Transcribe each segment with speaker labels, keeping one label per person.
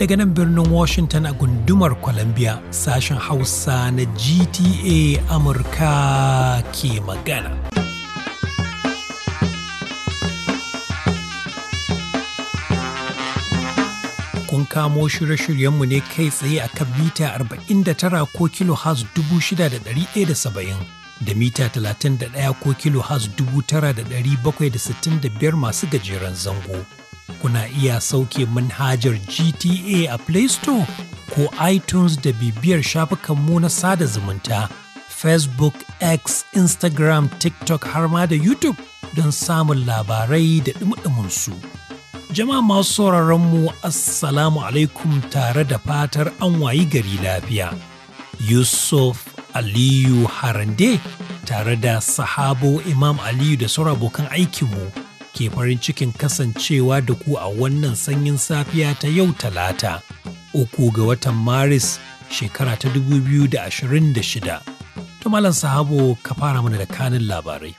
Speaker 1: Daga nan birnin Washington a gundumar Columbia sashen Hausa na GTA Amurka ke magana. kun kamo shirye-shiryenmu ne kai tsaye a kan mita 49 ko kilo has 6,170 da mita 31 ko kilo has 9,765 masu gajeren zango. Kuna iya sauke manhajar GTA a Play Store ko iTunes da bibiyar shafukanmu na sada zumunta, Facebook, X, Instagram, TikTok har ma da YouTube don samun labarai da ɗumɗuminsu. Jama'a masu sauraronmu, Assalamu alaikum tare da fatar an wayi gari lafiya. Yusuf Aliyu Harande tare da sahabo Imam Aliyu da sauran abokan aikinmu ke farin cikin kasancewa da ku a wannan sanyin safiya ta yau talata uku ga watan Maris shekara ta 2026. Tumalan sahabo ka fara mana da kanin labarai.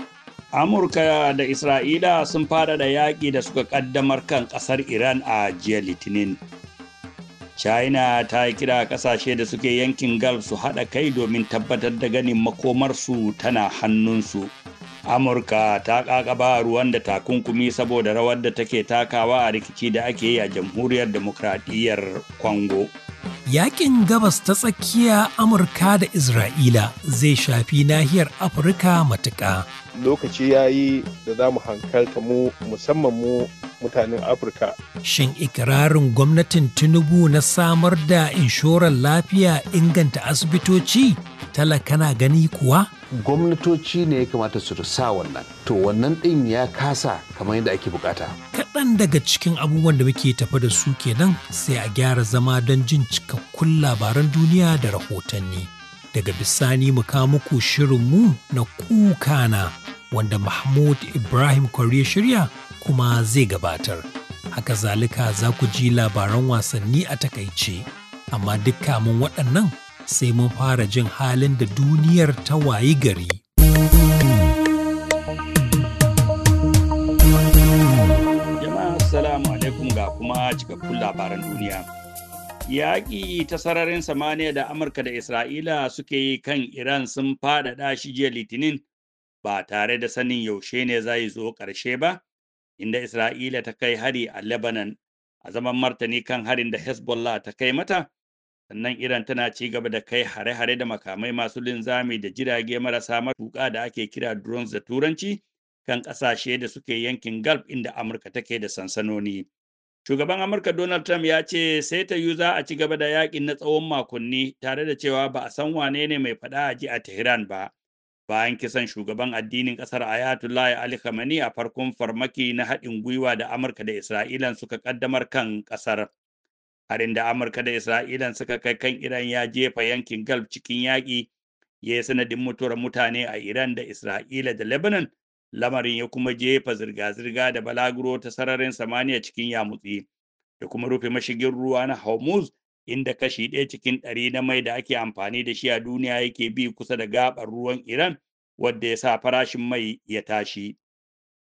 Speaker 2: Amurka da Isra'ila sun fara da yaƙi da suka ƙaddamar kan ƙasar Iran a jiya Litinin. china ta yi kira kasashe da suke yankin gulf su haɗa kai domin tabbatar da ganin makomarsu tana hannunsu amurka ta kakaba ruwan da takunkumi saboda rawar da take takawa a rikici da ake yi a jamhuriyar demokradiyyar
Speaker 1: congo yakin gabas ta tsakiya amurka da isra'ila zai shafi nahiyar afirka matuka.
Speaker 3: lokaci ya yi da za mu hankalta mu musamman mu mutanen afirka
Speaker 1: shin ikirarin gwamnatin tinubu na samar da inshorar lafiya inganta asibitoci Talakana gani kuwa
Speaker 4: gwamnatoci ne ya kamata su sa wannan to wannan ɗin ya kasa kamar yadda ake bukata
Speaker 1: kaɗan daga cikin abubuwan da muke tafa da su kenan sai a gyara zama don jin cikakkun labaran duniya da rahotanni daga bisani mu ka muku shirinmu na kukana wanda mahmud ibrahim kwariya shirya kuma zai gabatar. Haka zalika za ku ji labaran wasanni a takaice, amma duk kamun waɗannan sai mun fara jin halin da duniyar ta wayi gari.
Speaker 2: Jama'a Assalamu alaikum ga kuma cikakkun labaran duniya. Yaƙi ta sararin samaniya da Amurka da Isra'ila suke yi kan Iran sun faɗaɗa shi jiya Litinin ba tare da sanin yaushe ne zai zo ƙarshe ba, inda Isra'ila ta kai hari a Lebanon a zaman martani kan harin da Hezbollah ta kai mata, sannan Iran tana ci gaba da kai hare-hare da makamai masu linzami da jirage marasa matuƙa da ake kira drones da turanci kan ƙasashe da suke yankin Gulf inda Amurka take da sansanoni. Shugaban Amurka Donald Trump ya ce sai ta yi za a ci gaba da yakin na tsawon makonni tare da cewa ba a san wane ne mai faɗa a ji a Tehran ba. bayan kisan shugaban addinin kasar ayatollah ali khamenei a farkon farmaki na haɗin gwiwa da amurka da isra'ilan suka kaddamar kan kasar harin da amurka da isra'ilan suka kai kan iran ya jefa yankin gulf cikin yaki, ya yi sanadin mutuwar mutane a iran da isra'ila da lebanon lamarin ya kuma jefa zirga-zirga da balaguro ta sararin samaniya cikin yamutsi da kuma rufe mashigin ruwa na hormuz inda kashi ɗaya cikin ɗari na mai da ake amfani da shi a duniya yake bi kusa da gaɓar ruwan Iran wadda ya sa farashin mai ya tashi.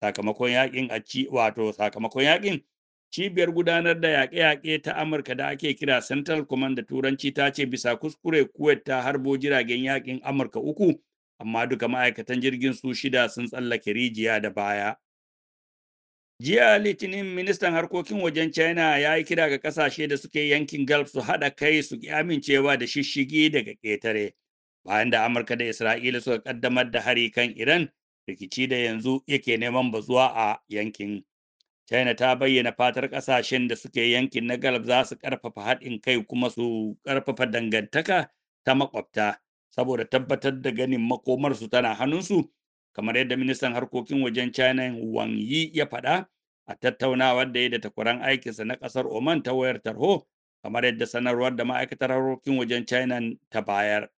Speaker 2: Sakamakon yaƙin a ci wato sakamakon yaƙin cibiyar gudanar da yaƙe-yaƙe ta Amurka da ake kira Central Command da Turanci ta ce bisa kuskure Kuwait ta harbo jiragen yaƙin Amurka uku amma duka ma'aikatan jirgin su shida sun tsallake rijiya da baya. Jiya Litinin ministan harkokin wajen China ya yi kira ga kasashe da suke yankin Gulf su haɗa kai su amincewa da shishigi daga ƙetare. Bayan da Amurka da Isra'ila suka ƙaddamar da hari kan Iran, rikici da yanzu yake neman bazuwa a yankin. China ta bayyana fatar kasashen da suke yankin na Gulf za su ƙarfafa haɗin kai kuma su ƙarfafa dangantaka ta makwabta saboda tabbatar da ganin makomarsu tana hannunsu kamar yadda ministan harkokin wajen china wang yi ya faɗa a tattaunawar da ya da takwaran aikinsa na ƙasar oman ta wayar tarho kamar yadda sanarwar da ma'aikatar harkokin wajen china ta bayar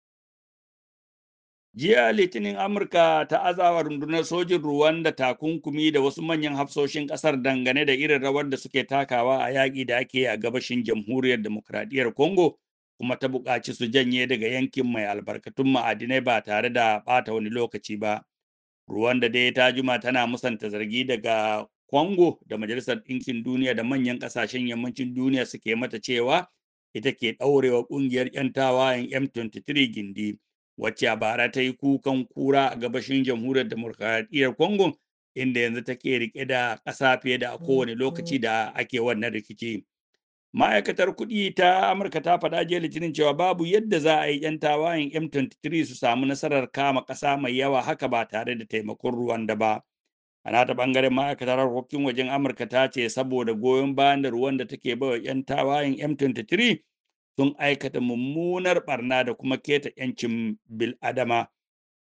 Speaker 2: jiya litinin amurka ta azawa rundunar sojin ruwan da takunkumi da wasu manyan hafsoshin kasar dangane da irin rawar da suke takawa a yaƙi da ake a gabashin jamhuriyar demokradiyyar congo kuma ta buƙaci su janye daga yankin mai albarkatun ma'adinai ba tare da ɓata wani lokaci ba Ruwan da dai ta juma tana musanta zargi daga Kongo da Majalisar Ɗinkin Duniya da manyan ƙasashen yammacin duniya suke mata cewa ita ke ɗaurewa ƙungiyar 'yan tawayen M23 gindi, wacce a bara ta yi kukan kura a gabashin jamhuriyar demokradiyyar Kongo inda yanzu take rike da ƙasa fiye da kowane lokaci da ake wannan rikici. ma'aikatar kuɗi ta amurka ta faɗa jiya litinin cewa babu yadda za a yi 'yan tawayen m23 su samu nasarar kama ƙasa mai yawa haka ba tare da taimakon ruwan da ba a nata ɓangaren ma'aikatar harkokin wajen amurka ta ce saboda goyon bayan da da take bawa 'yan tawayen m23 sun aikata mummunar barna da kuma keta 'yancin bil'adama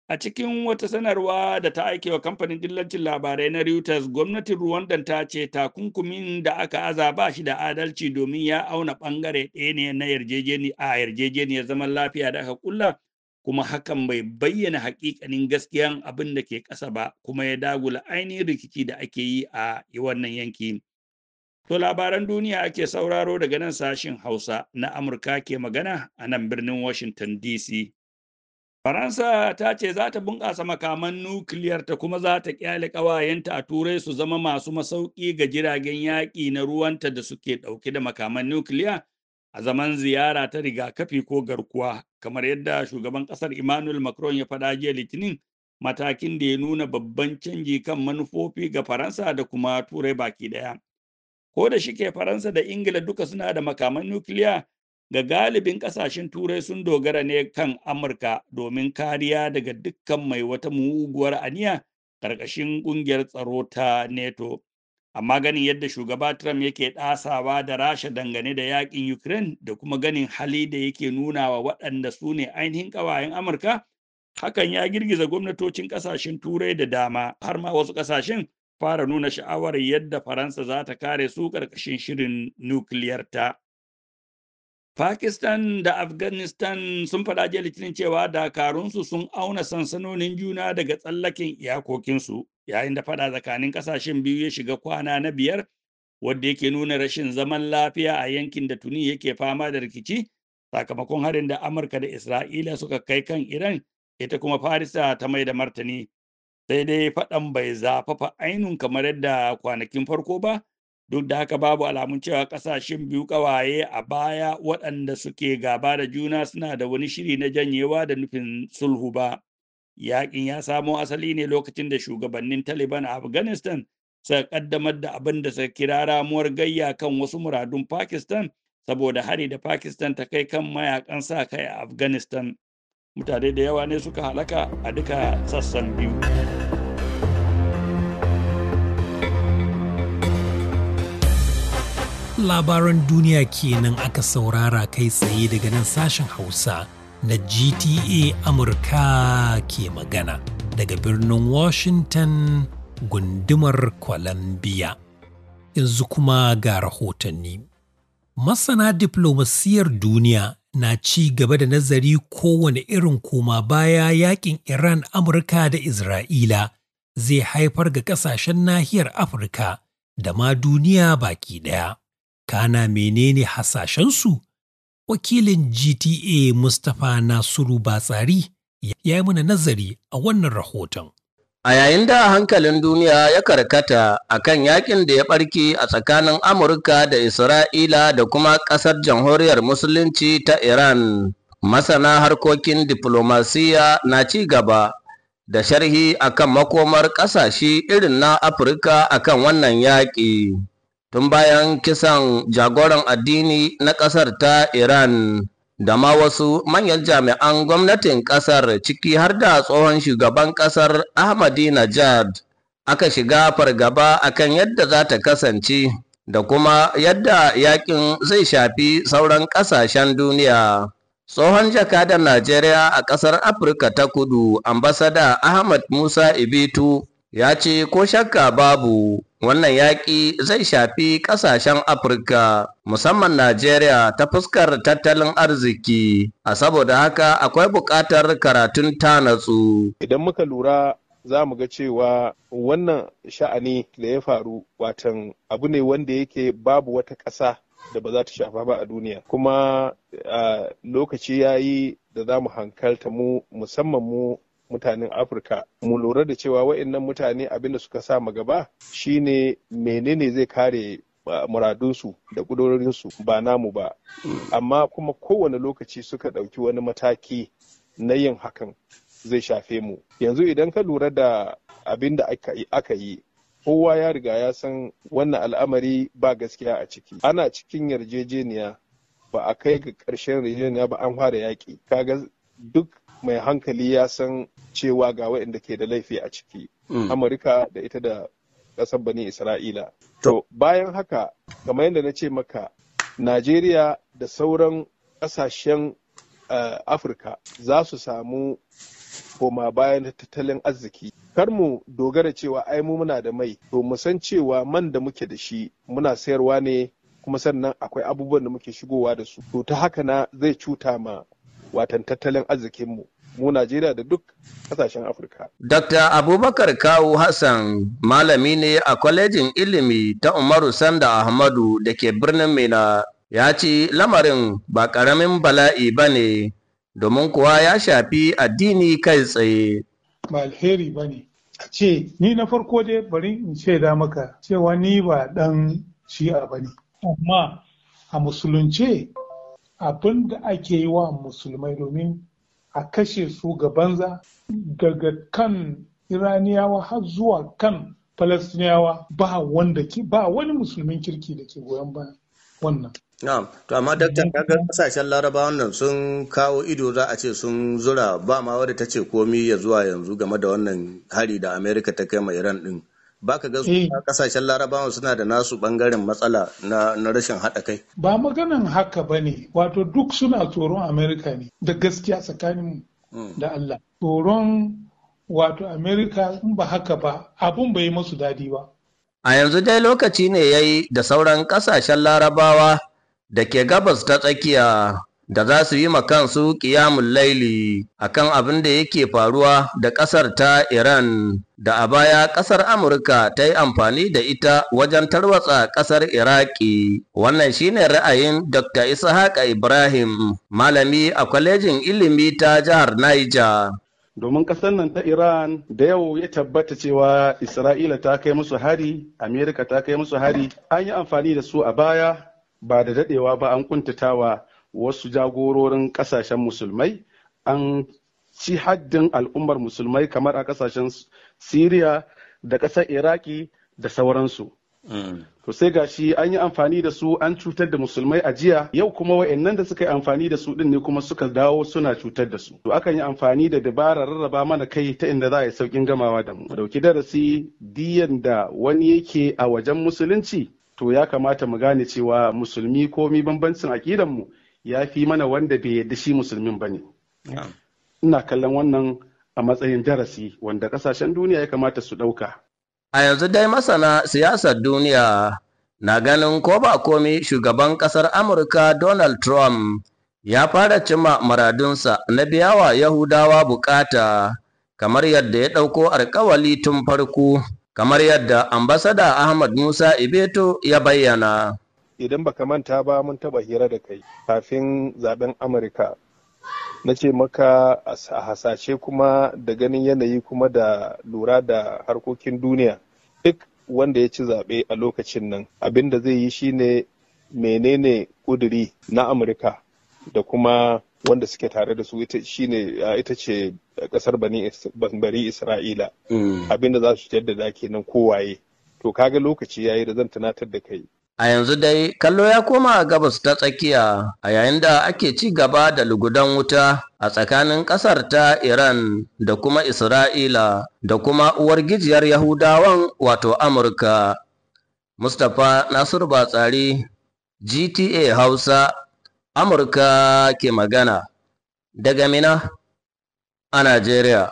Speaker 2: A cikin wata sanarwa da ta aike wa kamfanin dillancin labarai na Reuters, gwamnatin Rwandan ta ce takunkumin da aka aza ba shi da adalci domin ya auna bangare ɗaya ne na yarjejeni a yarjejeniyar zaman lafiya da aka kulla kuma hakan bai bayyana hakikanin gaskiyan abin da ke ƙasa ba kuma ya dagula ainihin rikici da ake yi a wannan yanki. To labaran duniya ake sauraro daga nan sashin Hausa na Amurka ke magana a nan birnin Washington DC. Faransa ta ce za ta bunƙasa makaman nukiliyar ta kuma za ta ƙyale ƙawayenta a turai su zama masu masauki ga jiragen yaƙi na ruwanta da suke ɗauke da makaman nukiliya a zaman ziyara ta rigakafi ko garkuwa kamar yadda shugaban ƙasar Emmanuel Macron ya faɗa jiya Litinin matakin da ya nuna babban canji kan manufofi ga Faransa da kuma turai baki ɗaya. Ko da shike Faransa da Ingila duka suna da makaman nukiliya ga galibin kasashen turai sun dogara ne kan amurka domin kariya daga dukkan mai wata muguwar aniya ƙarƙashin ƙungiyar tsaro ta neto amma ganin yadda shugaba trump yake ɗasawa da rasha dangane da yakin ukraine da kuma ganin hali da yake nuna wa waɗanda su ne ainihin ƙawayen amurka hakan ya girgiza gwamnatocin ƙasashen turai da dama har ma wasu ƙasashen fara nuna sha'awar yadda faransa za ta kare su ƙarƙashin shirin nukiliyarta. ta Pakistan da Afghanistan sun faɗa jiya litinin cewa dakarunsu sun auna sansanonin juna daga tsallaken iyakokinsu yayin da faɗa tsakanin ƙasashen biyu ya shiga kwana na biyar wadda yake nuna rashin zaman lafiya a yankin da tuni yake fama da rikici sakamakon harin da Amurka da Isra'ila suka kai kan Iran ita kuma Farisa ta mai da martani sai dai faɗan bai zafafa ainun kamar yadda kwanakin farko ba duk da haka babu alamun cewa kasashen biyu kawaye a baya waɗanda suke gaba da juna suna da wani shiri na janyewa da nufin sulhu ba yakin ya samo asali ne lokacin da shugabannin taliban a afghanistan suka ƙaddamar da abin da suka kira ramuwar gayya kan wasu muradun pakistan saboda hari da pakistan ta kai kan mayakan sa kai a afghanistan mutane da yawa ne suka halaka a duka sassan biyu
Speaker 1: labaran duniya kenan aka saurara kai tsaye daga nan sashen Hausa na GTA Amurka ke magana daga birnin Washington gundumar Columbia. Yanzu kuma ga rahotanni. Masana diplomasiyar duniya na ci gaba da nazari kowane irin koma baya yakin Iran Amurka da Isra'ila zai haifar ga kasashen nahiyar Afirka da ma duniya baki ɗaya. kana menene hasashensu wakilin gta mustapha nasiru batsari ya yi mana nazari a wannan rahoton
Speaker 5: a yayin da hankalin duniya ya karkata a kan yakin da ya barke a tsakanin amurka da isra'ila da kuma ƙasar jamhuriyar musulunci ta iran masana harkokin diplomasiya na ci gaba da sharhi akan makomar ƙasashe irin na afirka akan wannan yaƙi. tun bayan kisan jagoran addini na ƙasar ta Iran da ma wasu manyan jami'an gwamnatin ƙasar ciki har da tsohon shugaban ƙasar Ahmadinejad aka shiga fargaba akan yadda za ta kasance da kuma yadda yakin zai shafi sauran ƙasashen duniya. Tsohon jakadan Najeriya a ƙasar Afirka ta Kudu, ambasada Ahmad Musa Ibitu ya ce ko shakka babu wannan yaƙi zai shafi ƙasashen afirka musamman najeriya ta fuskar tattalin arziki a saboda haka akwai buƙatar karatun ta tanatsu idan muka lura za mu ga cewa wannan sha'ani da ya faru
Speaker 3: watan abu ne wanda yake babu wata ƙasa da ba za ta shafa ba a duniya kuma lokaci ya yi da za mu hankalta mu musamman mu mutanen afirka mu lura da cewa wa'annan mutane abin da suka sa gaba shine menene zai kare ah, muradunsu da kudurorinsu ba namu ba amma kuma kowane lokaci suka ɗauki wani mataki na yin hakan zai shafe mu yanzu idan ka lura da abin da aka yi kowa ya riga ya san wannan al'amari ba gaskiya a ciki ana cikin yarjejeniya ba a kai ga ƙarshen yarjejeniya ba an fara yaƙi kaga duk mai hankali ya san cewa ga waɗanda ke da laifi a ciki mm. amurka da ita da ƙasar bani isra'ila to bayan haka kamar yadda na ce maka najeriya da sauran ƙasashen eh, afirka za su samu koma bayan tattalin arziki kar mu dogara cewa ai mu muna da mai to mu san cewa man da muke da shi muna sayarwa ne kuma sannan akwai abubuwan da muke shigowa da su to ta haka na zai cuta ma watan tattalin arzikinmu mu Najeriya da duk kasashen Afirka.
Speaker 5: Dr. Abubakar Kawu Hassan malami ne a kwalejin ilimi ta Umaru Sanda Ahmadu da ke birnin Mina ya ce lamarin ba ƙaramin bala'i ba ne domin kuwa ya shafi addini kai tsaye.
Speaker 3: Ba alheri ba ne. A ce, ni na farko dai bari in ce shaida maka cewa ni ba ɗan shi'a ba ne. a musulunce abin da ake yi wa musulmai domin a kashe su ga banza daga kan iraniyawa har zuwa kan falastiniyawa ba wanda ba wani musulmin kirki da ke goyon bayan wannan
Speaker 5: Na'am, to amma daktar kaga kasashen larabawan nan sun kawo ido za a ce sun zura ba ma wadda ta ce komi ya zuwa yanzu game da wannan hari da Amerika ta kai ma Iran din. ba ka ga eh. kasashen larabawa suna da nasu bangaren matsala na rashin haɗa kai.
Speaker 3: Ba maganan haka ba ne, wato duk suna tsoron Amerika ne da gaskiya tsakanin
Speaker 5: hmm.
Speaker 6: da
Speaker 3: Allah. Tsoron wato Amerika in ba haka ba abun bai masu daɗi ba.
Speaker 5: A yanzu dai lokaci ne ya yi da sauran kasashen larabawa da ke gabas ta tsakiya da za su yi makansu ƙiyamun laili a kan abin da yake faruwa da ƙasar ta Iran da a baya ƙasar Amurka ta yi amfani da ita wajen tarwatsa ƙasar Iraki. Wannan shine ra'ayin Dr. Haka Ibrahim, malami a kwalejin ilimi ta jihar Niger. domin
Speaker 3: ƙasar nan ta iran da yau ya tabbata cewa isra'ila ta kai musu hari amerika ta kai musu hari an yi amfani da su a baya ba da dadewa ba an kuntatawa wasu jagororin kasashen musulmai an ci haddin al'ummar musulmai kamar a kasashen syria da ƙasar iraki da sauransu mm. to sai ga shi an yi amfani da su an cutar da musulmai a jiya yau kuma wa'annan da suka yi amfani da su din ne kuma suka dawo suna cutar da su to akan yi amfani da dabarar rarraba mana kai ta inda za a yi saukin gamawa da mu dauki darasi diyan da wani yake a wajen musulunci to ya kamata mu gane cewa musulmi komi bambancin akidan mu ya fi mana wanda bai yadda shi musulmin ba ne. Ina kallon wannan a matsayin darasi wanda ƙasashen duniya ya kamata su ɗauka.
Speaker 5: A yanzu dai masana siyasar duniya na ganin ko ba komi shugaban ƙasar Amurka Donald Trump ya fara cima maradunsa na biyawa Yahudawa bukata kamar yadda ya ɗauko alkawali tun farko kamar yadda ambasada Ahmad Musa Ibeto ya bayyana.
Speaker 3: idan baka manta ba mun taba hira da kai kafin zaben amurka na ce maka a hasashe kuma da ganin yanayi kuma da lura da harkokin duniya duk wanda ya ci zaɓe a lokacin nan abin da zai yi shine menene kuduri na amurka da kuma wanda suke tare da su ita ce ƙasar bari isra'ila mm. abin da za su jaddada kenan kowaye to kaga lokaci
Speaker 5: yayi da zan tunatar da kai A yanzu dai kallo ya koma gabas ta tsakiya a yayin da ake ci gaba da lugudan wuta a tsakanin ƙasar ta Iran da kuma Isra'ila da kuma uwargijiyar Yahudawan wato Amurka. Mustapha Nasir Batsari GTA Hausa Amurka ke magana daga Mina a Najeriya.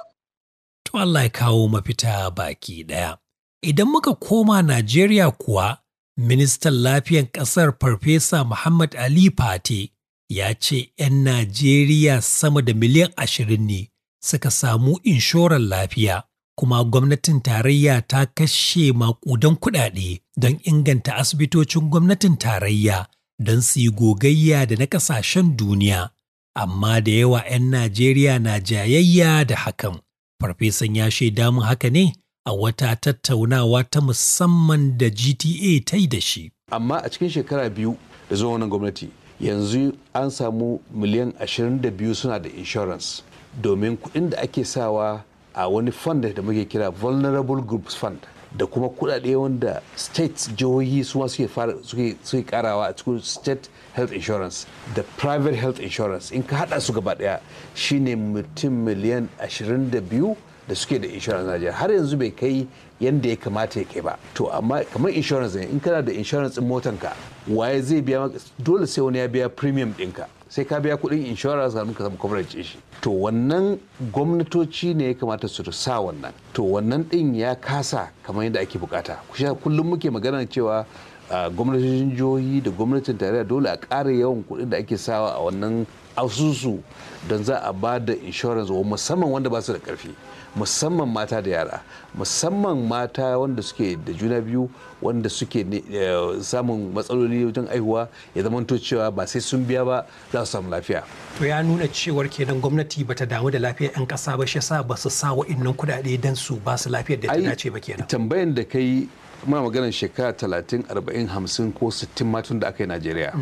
Speaker 1: To Allah ya kawo mafita baki ɗaya. Idan muka koma Najeriya kuwa Ministan Lafiyan ƙasar Farfesa Muhammad Ali Fate ya ce ‘yan Najeriya sama da miliyan ashirin ne suka samu inshorar lafiya, kuma gwamnatin tarayya ta kashe maƙudan kuɗaɗe don inganta asibitocin gwamnatin tarayya don su yi gogayya da na ƙasashen duniya. Amma da yawa ‘yan Najeriya na jayayya da hakan. Farfesan ya shaida mun haka ne a wata tattaunawa ta musamman da GTA ta yi da shi.
Speaker 4: Amma a cikin shekara biyu da zuwa wannan gwamnati yanzu an samu miliyan 22 suna da insurance domin kuɗin da ake sawa a wani fund da muke kira vulnerable groups fund da kuma kuɗaɗe wanda state jihohi su ma suke karawa a cikin state health insurance da private health insurance in ka haɗa su gaba ɗaya shine mutum miliyan 22 da suke da insurance Najeriya har yanzu bai kai yadda ya kamata ya kai ba to amma kamar insurance ne in kana da insurance din motan ka waye zai biya maka dole sai wani ya biya premium ɗinka sai ka biya kuɗin insurance ka samu coverage shi to wannan gwamnatoci ne ya kamata su sa wannan to wannan din ya kasa kamar yadda ake bukata kullum muke magana cewa gwamnatocin jihohi da gwamnatin tarayya dole a ƙara yawan kuɗin da ake sawa a wannan asusu don za a ba da insurance musamman wanda ba su da ƙarfi musamman mata da yara musamman mata wanda suke da juna biyu wanda suke eh, samun matsaloli wajen aihuwa ya zamanto cewa ba sai sun biya ba za su samu lafiya
Speaker 1: to ya nuna cewar kenan gwamnati ba ta damu da lafiyar 'yan kasa ba shi yasa ba su sa wa'innan kuɗaɗe don su ba su lafiyar da ta dace ba kenan
Speaker 4: tambayan da kai muna maganar shekara talatin arba'in hamsin ko sittin matun da aka yi najeriya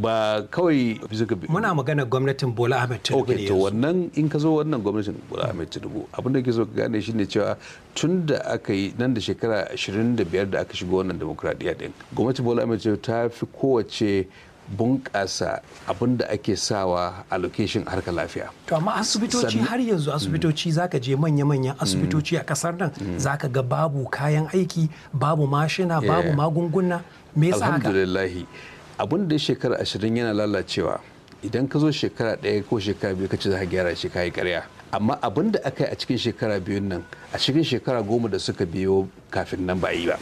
Speaker 4: ba kawai
Speaker 1: muna maganar gwamnatin bola ahmed
Speaker 4: tinubu ne to wannan in ka zo wannan gwamnatin bola ahmed tinubu abin da ke so ka gane shi ne cewa tun da aka yi nan da shekara 25 da aka shiga wannan demokradiyya din gwamnatin bola ahmed tinubu ta fi kowace bunƙasa abin da ake sawa a location harkar lafiya.
Speaker 1: To amma asibitoci har yanzu asibitoci mm. zaka je manya-manyan asibitoci a kasar nan mm. Za ka ga babu kayan aiki babu mashina babu magunguna me yasa haka?
Speaker 4: Alhamdulillahi abin da shekara ashirin yana lalacewa idan ka zo shekara ɗaya ko shekara biyu ka ce za ka gyara shi ka yi ƙarya. amma abin da aka yi a cikin shekara biyun nan a cikin shekara goma da suka biyo kafin nan ba yi ba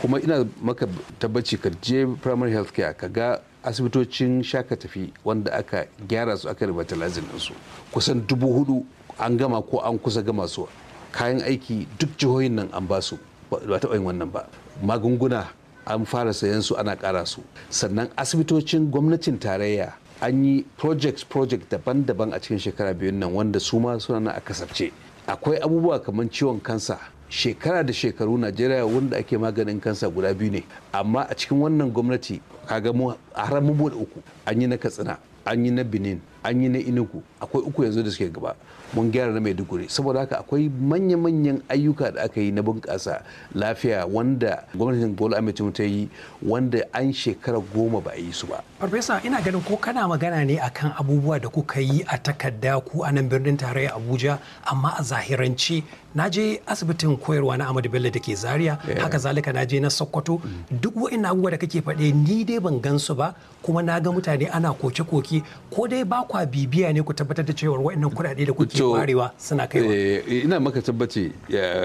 Speaker 4: kuma ina maka tabbaci ka je primary health care ka ga asibitocin shakatafi wanda aka gyara su aka revitalizing su kusan dubu hudu an gama ko an kusa gama su kayan aiki duk jihohin nan an ba su ba taɓa yin wannan ba magunguna an fara sayan su ana kara su sannan asibitocin gwamnatin tarayya an yi project project daban-daban a cikin shekara biyun nan wanda su ma suna na a kasafce akwai abubuwa kamar ciwon kansa shekara da shekaru najeriya wanda ake maganin kansa guda biyu ne amma a cikin wannan gwamnati kaga mu har mu bude uku an yi na katsina an yi na benin an yi na inugu akwai uku yanzu da suke gaba mun gyara na maiduguri saboda haka akwai manya-manyan ayyuka da aka yi na bunƙasa lafiya wanda gwamnatin bola ahmed ta yi wanda an shekara goma ba a yi su ba
Speaker 1: farfesa ina ganin ko kana magana ne akan abubuwa da kuka yi a takarda ko a nan birnin tarayya abuja amma a zahirance na je asibitin koyarwa na Ahmadu Bello da ke Zaria haka zalika na je na Sokoto mm. duk wa'annan abubuwa da kake faɗe ni dai ban gan su ba kuma na ga mutane ana koke-koke ko dai ba kwa bibiya ne ku tabbatar da cewa waɗannan kuɗaɗe da kuke warewa suna kaiwa. Eh,
Speaker 4: ina maka tabbace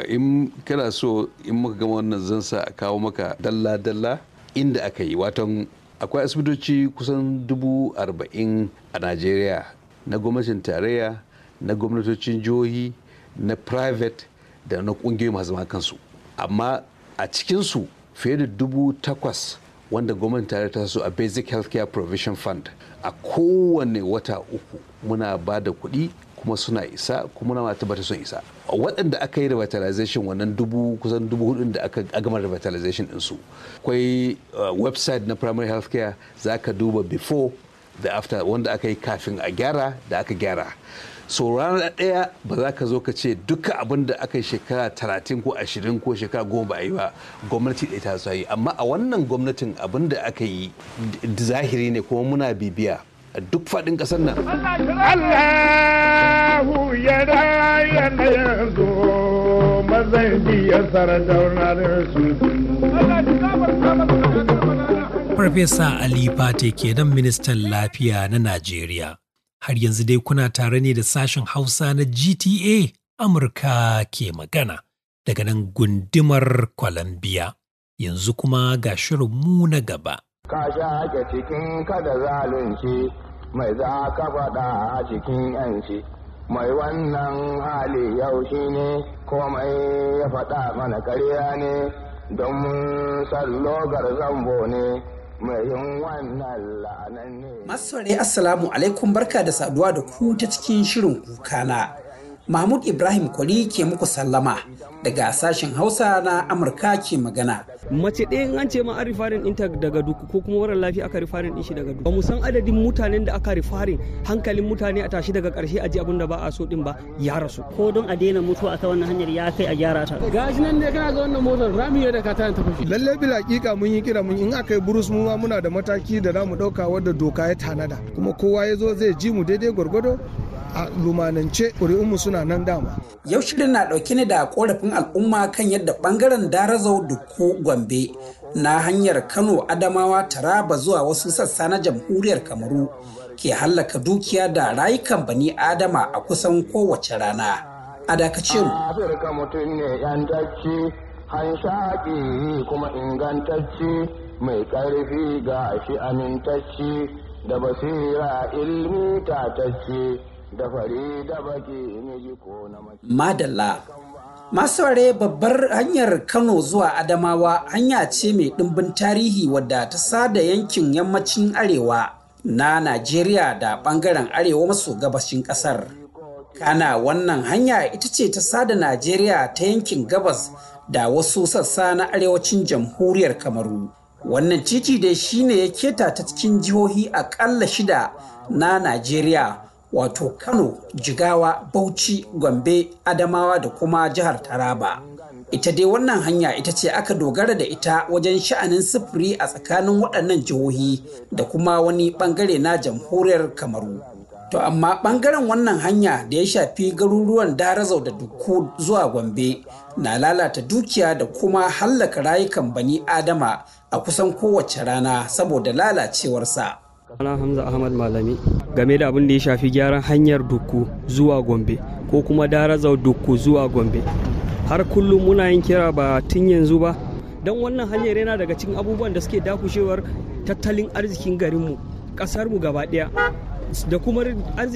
Speaker 4: in kana so in muka gama wannan zan a kawo maka dalla-dalla inda aka yi watan akwai asibitoci kusan dubu arba'in a najeriya na gwamnatin tarayya na gwamnatocin jihohi na private da na kungiyoyi masu zama kansu amma a cikinsu fiye da dubu takwas wanda gwamnati tare ta su a basic healthcare provision fund a kowane wata uku muna ba da kuɗi kuma suna isa kuma na bata sun isa waɗanda aka yi revitalization wannan dubu kusan dubu hudun da aka gama revitalization ɗinsu akwai uh, website na primary healthcare za ka duba before da after wanda aka yi kafin a gyara da aka gyara so ranar ɗaya ba za ka zo ka ce duka abin da aka shekara talatin ko ashirin ko shekara goma a yi ba gwamnati ɗaya ta sa yi amma a wannan gwamnatin abin da aka yi zahiri ne kuma muna bibiya a duk faɗin ƙasar nan.
Speaker 7: Allahu ya raya na yanzu mazan biya su.
Speaker 1: Farfesa Ali Fate kenan ministan lafiya na Najeriya. har yanzu dai kuna tare ne da sashen Hausa na GTA Amurka ke magana daga nan gundumar Columbia. Yanzu kuma ga mu na gaba.
Speaker 7: Ka sha ake cikin kada zalunci mai za ka faɗa a cikin yanci. Mai wannan hali yau shi ne komai ya faɗa mana karya ne don sallogar zambo ne. Masu saurari
Speaker 8: Assalamu alaikum barka da saduwa da ku ta cikin shirin kuka na Mahmud Ibrahim Kwali ke muku sallama daga sashen Hausa na Amurka ke magana. Mace
Speaker 9: ɗaya an ce ma an rifarin ɗinta daga duku ko kuma wurin lafiya aka rifarin ɗin shi daga duku. Ba mu san adadin mutanen da aka rifarin hankalin mutane a tashi daga ƙarshe a ji abin da ba a so ɗin ba ya rasu. Ko don a daina mutuwa ta wannan hanyar ya kai a gyara ta. Gashi nan ne kana ga wannan motar rami ya da ka ta tafafi. Lallai bil
Speaker 10: hakika mun yi kira mun in aka yi burus mu ma muna da mataki da za mu ɗauka wadda doka ya tanada. Kuma
Speaker 8: kowa ya zo zai ji mu daidai gwargwado a lumanance ƙuri'unmu suna nan dama. Yau shirin na ɗauke ne da ƙorafin al'umma kan yadda ɓangaren Darazau Dukku Gombe na hanyar Kano Adamawa Taraba zuwa wasu sassa na jamhuriyar Kamaru ke hallaka dukiya da rayukan bani Adama a kusan kowace rana. A dakace mu.
Speaker 7: Afirka mutum ne yantacci, hanshaƙi kuma ingantacci, mai ƙarfi ga shi amintacci da basira ilmi tatacci.
Speaker 8: Madalla ware babbar hanyar Kano zuwa Adamawa hanya ce mai ɗimbin tarihi wadda ta sada yankin yammacin Arewa na Najeriya da ɓangaren Arewa maso gabashin ƙasar. Kana wannan hanya ita ce ta sada Najeriya ta yankin gabas da wasu sassa na arewacin jamhuriyar Kamaru. Wannan titi dai shine ya keta ta cikin jihohi aƙalla shida na Najeriya. wato Kano, Jigawa, Bauchi, Gombe, Adamawa da kuma jihar Taraba. Ita dai wannan hanya ita ce aka dogara da ita wajen sha'anin sufuri a tsakanin waɗannan jihohi da kuma wani ɓangare na jamhuriyar Kamaru. To amma ɓangaren wannan hanya da ya shafi garuruwan Darazau da Dukku zuwa Gombe na lalata dukiya da kuma hallaka rayukan bani Adama a kusan kowace rana saboda lalacewarsa.
Speaker 9: Hamza Ahmad Malami. game da abin da ya shafi gyaran hanyar dukku zuwa gombe ko kuma darazar dukku zuwa gombe har kullum muna yin kira ba tun yanzu ba don wannan hanyar yana daga cikin abubuwan da suke dakushewar tattalin arzikin garinmu ƙasarmu gaba ɗaya da kuma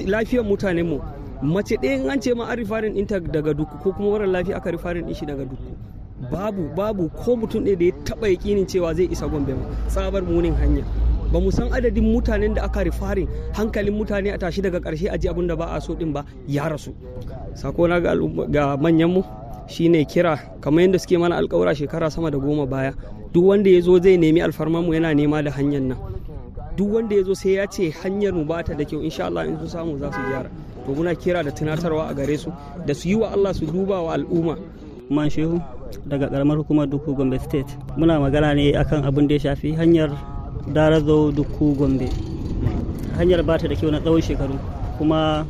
Speaker 9: lafiyar mutanenmu mace ɗaya an ce ma an rifarin inta daga dukku ko kuma wurin lafiya aka rifarin ɗin shi daga dukku babu babu ko mutum ɗaya da ya taɓa yaƙinin cewa zai isa gombe ma tsabar munin hanya ba mu san adadin mutanen da aka rifarin hankalin mutane a tashi daga karshe aji ji abin da ba a so din ba ya rasu sako na ga manyanmu shine kira kamar yadda suke mana alkawura shekara sama da goma baya duk wanda ya zo zai nemi alfarma mu yana nema da hanyar nan duk wanda ya zo sai ya ce hanyar mu ba ta da kyau insha Allah in su samu za su gyara to muna kira da tunatarwa a gare su da su yi wa Allah su duba wa al'umma man shehu daga karamar hukumar duku gombe state muna magana ne akan abin da ya shafi hanyar zo duku gombe hanyar ba ta da kyau na tsawon shekaru kuma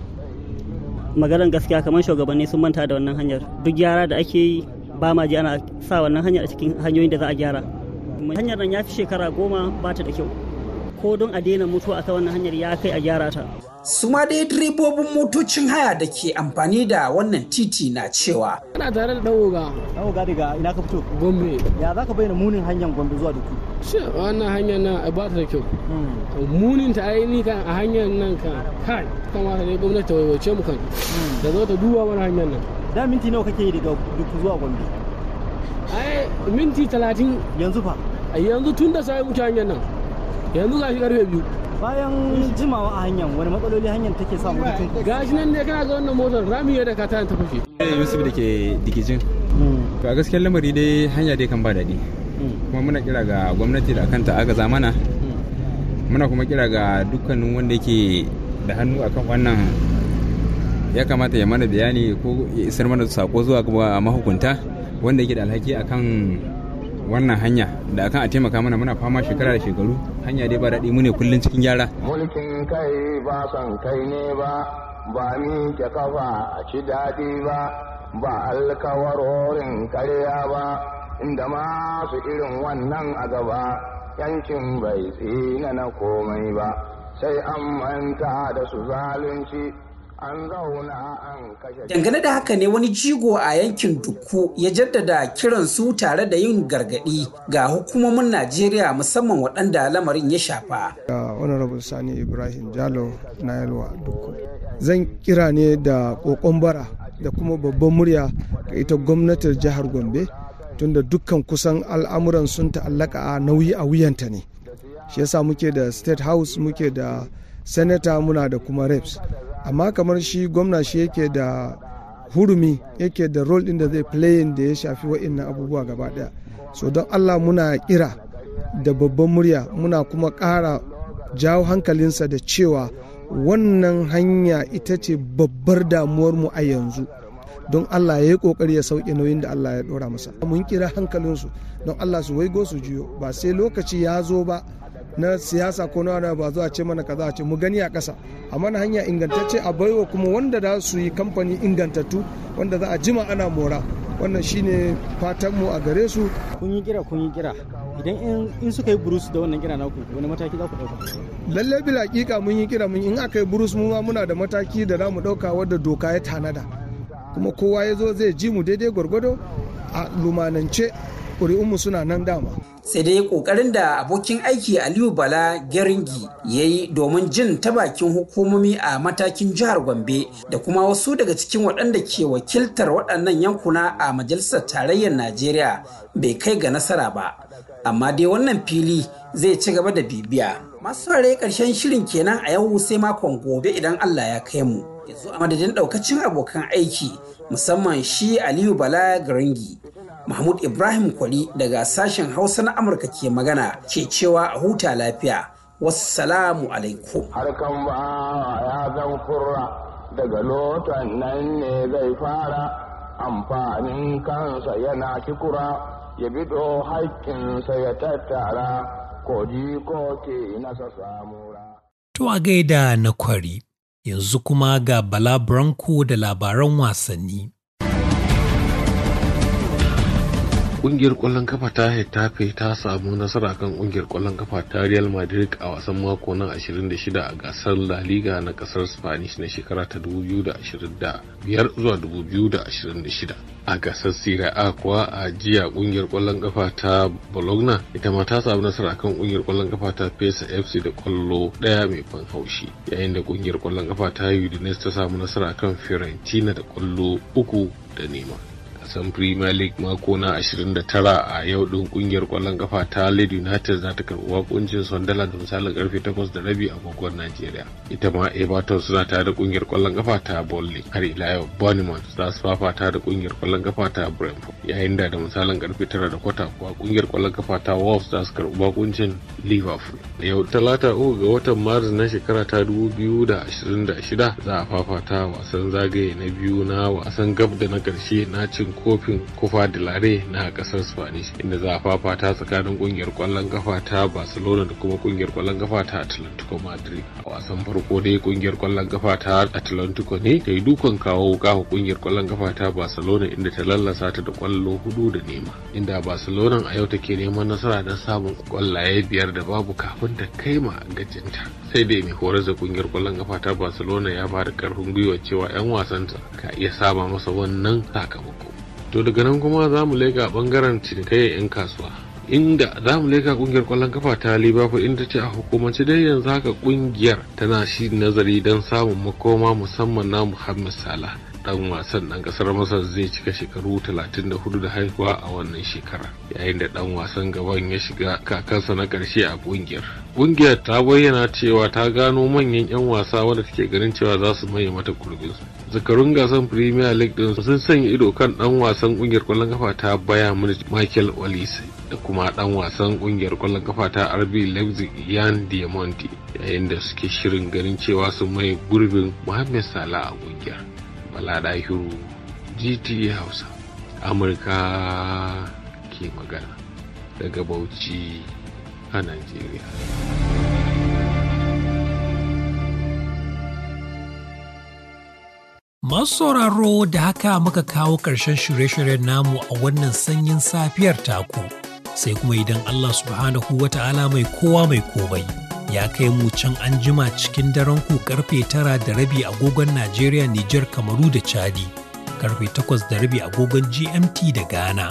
Speaker 9: maganar gaskiya kamar shugabanni sun manta da wannan hanyar duk gyara da ake yi ba ma ji ana sa wannan hanyar a cikin hanyoyin da za a gyara
Speaker 8: hanyar nan ya fi shekara goma ba ta da kyau ko don a daina mutuwa ta wannan hanyar ya kai a gyara ta. su ma dai direbobin motocin haya da ke amfani da wannan titi na cewa.
Speaker 9: Ana tare da ɗawoga. Ɗawoga daga ina ka fito? Gombe. Ya za ka bayyana munin hanyar Gombe
Speaker 5: zuwa Duku? Shi wannan hanyar nan ba ta da kyau. Munin ta aini kan a hanyar
Speaker 9: nan kan kai kamata ne gwamnati ta wayoce mu kan. Da zo ta duba wani hanyar nan. Da minti nawa kake yi daga Duku zuwa Gombe? Ai minti talatin. Yanzu fa? Yanzu tun da sai muke hanyar nan. yanzu gashi karfe biyu bayan jimawa a hanyar wani matsaloli
Speaker 5: hanyar take sa mutum gashi nan ne kana ga wannan motar rami ya da ka ta ta fashe
Speaker 8: eh, yusuf da ke dikijin ga a gaskiyar lamari dai hanya dai kan ba daɗi kuma muna kira ga gwamnati da akanta aka agaza muna kuma kira ga dukkanin wanda yake da hannu akan wannan ya kamata ya mana bayani ko ya isar mana sako zuwa ga mahukunta wanda yake da alhaki akan wannan hanya da akan a taimaka mana muna fama shekara da shekaru hanya dai ba daɗi mune kullum cikin gyara.
Speaker 7: mulkin kai ba san kai ne ba ba mi ke kafa a ci daɗi ba ba alkawarorin karya ba inda masu irin wannan a gaba yankin bai tsina na komai ba sai an manta da su zalunci Dangane da haka
Speaker 8: ne wani jigo a yankin Dukku ya jaddada kiran su tare da yin gargadi ga hukumomin Najeriya musamman waɗanda lamarin ya shafa.
Speaker 10: Honorable Sani Ibrahim Jalo na Yalwa Dukku. Zan kira ne da ƙoƙon bara da kuma babban murya ga ita gwamnatin jihar Gombe tunda dukkan kusan al'amuran sun ta'allaka a nauyi a wuyanta ne. Shi yasa muke da State House muke da Senator muna da kuma reps. amma kamar shi gwamna shi yake da hurumi yake da role din da zai playing da ya shafi wa'annan abubuwa gaba daya so don allah muna kira da babban murya muna kuma ƙara jawo hankalinsa da cewa wannan hanya ita ce babbar damuwarmu a yanzu don Allah ya yi kokari ya sauke nauyin da Allah ya dora masa mun kira hankalinsu don Allah su waigo su juyo ba sai lokaci ya zo ba na siyasa ko na wani ba zuwa ce mana kaza a ce mu gani a ƙasa a mana hanya ingantacce a baiwa kuma wanda za su yi kamfani ingantattu wanda za a jima ana mora wannan shine fatanmu a gare su kun yi kira kun yi kira idan in suka yi burus da wannan kira naku wani mataki za ku dauka lalle bil hakika mun yi kira mun in aka yi burus mu ma muna da mataki da za mu dauka wadda doka ya tanada kuma kowa ya zo zai ji mu daidai gwargwado a lumanance ƙuri'unmu suna nan dama.
Speaker 8: sai dai ƙoƙarin da abokin aiki aliyu bala geringi ya yi domin jin ta bakin hukumomi a matakin jihar gombe da kuma wasu daga cikin waɗanda ke wakiltar waɗannan yankuna a majalisar tarayyar najeriya bai kai ga nasara ba amma dai wannan fili zai ci gaba da bibiya masu rare ƙarshen shirin kenan a yau sai makon gobe idan allah ya kai mu yanzu a madadin ɗaukacin abokan aiki musamman shi aliyu bala geringi Mahmud Ibrahim Kwali daga sashen Hausa na Amurka ke magana ke cewa a huta lafiya. Wassalamu alaikum.
Speaker 7: Harkan ba ya zan kurra daga lotan nan ne zai fara amfanin kansa yana kikura ya bido haƙƙinsa ya tattara koji ko ke nasa samura.
Speaker 1: To a gaida na kwari, yanzu kuma ga Bala Branko da labaran wasanni.
Speaker 6: kungiyar kwallon kafa ta hetafe ta samu nasara kan kungiyar kwallon kafa ta real madrid a wasan mako na 26 a gasar la liga na kasar spanish na shekara ta 2025 zuwa 2026 a gasar sira a kuwa a jiya kungiyar kwallon kafa ta bologna ita ma ta samu nasara kan kungiyar kwallon kafa ta pesa fc da kwallo daya mai ban haushi yayin da kungiyar kwallon kafa ta udinese ta samu nasara kan fiorentina da kwallo uku da nema san premier league mako na 29 a yau din kungiyar kwallon kafa ta lead united za ta karbi wakuncin sondala da misalin karfe 8 da rabi a gogon Najeriya ita ma everton suna tare da kungiyar kwallon kafa ta bolle har ila yau bournemouth za su fafata da kungiyar kwallon kafa ta brentford yayin da da misalin karfe 9 da kwata kuwa kungiyar kwallon kafa ta wolves za su karbi wakuncin liverpool yau talata uku ga watan maris na shekara ta 2026 za a fafata wasan zagaye na biyu na wasan gab da na karshe na cin kofin kofa da lare na kasar spanish inda za a fafata tsakanin kungiyar kwallon kafa ta barcelona da kuma kungiyar kwallon kafa ta atlantico madrid a wasan farko dai kungiyar kwallon kafa ta atlantico ne ta yi dukan kawo wuka kungiyar kwallon kafa ta barcelona inda ta lallasa ta da kwallo hudu da nema inda barcelona a yau take neman nasara don samun kwallaye biyar da babu kafin ta kai ma gajinta sai dai mai horar da kungiyar kwallon kafa ta barcelona ya ba da karfin gwiwa cewa 'yan wasanta ka iya saba masa wannan sakamako to daga nan kuma za mu a bangaren cinikayyar 'yan kasuwa inda za mu leka kungiyar kwallon kafa ta liverpool inda ce a hukumance dai yanzu haka kungiyar tana shi nazari don samun makoma musamman na muhammad sala dan wasan dan kasar masar zai cika shekaru 34 da haihuwa a wannan shekara yayin da dan wasan gaban ya shiga kakansa na karshe a kungiyar kungiyar ta bayyana cewa ta gano manyan yan wasa wanda take ganin cewa za su maye mata kurbinsu zakarun gasar premier league din sun sanya ido kan dan wasan kungiyar kwallon kafa ta bayan munich michael olise da kuma dan wasan kungiyar kwallon kafa ta rb leipzig yan diamondi yayin da suke shirin ganin cewa sun mai gurbin mohamed salah a kungiyar bala dahiru gta hausa amurka ke magana daga bauchi a nigeria
Speaker 1: Masu sauraro da haka muka kawo ƙarshen shirye-shiryen namu a wannan sanyin safiyar taku. Sai kuma idan Allah subhanahu wa ta'ala mai kowa mai komai ya kai mu can anjima cikin daren ku karfe tara da rabi agogon Najeriya, Nijar, Kamaru da Chadi, karfe takwas da rabi agogon GMT da Ghana.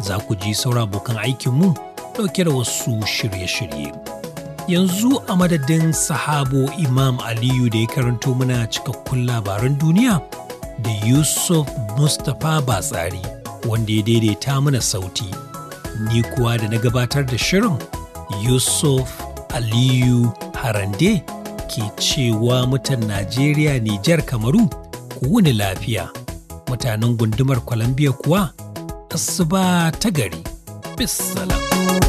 Speaker 1: Za ku ji saura abokan aikinmu ɗauke da wasu shirye-shirye. yanzu a madadin sahabo imam aliyu da ya karanto mana cikakkun labaran duniya da yusuf mustapha batsari wanda ya daidaita mana sauti ni kuwa da na gabatar da shirin yusuf aliyu harande ke cewa mutan najeriya nijar kamaru ku wuni lafiya mutanen gundumar columbia kuwa asuba ta gari bisalam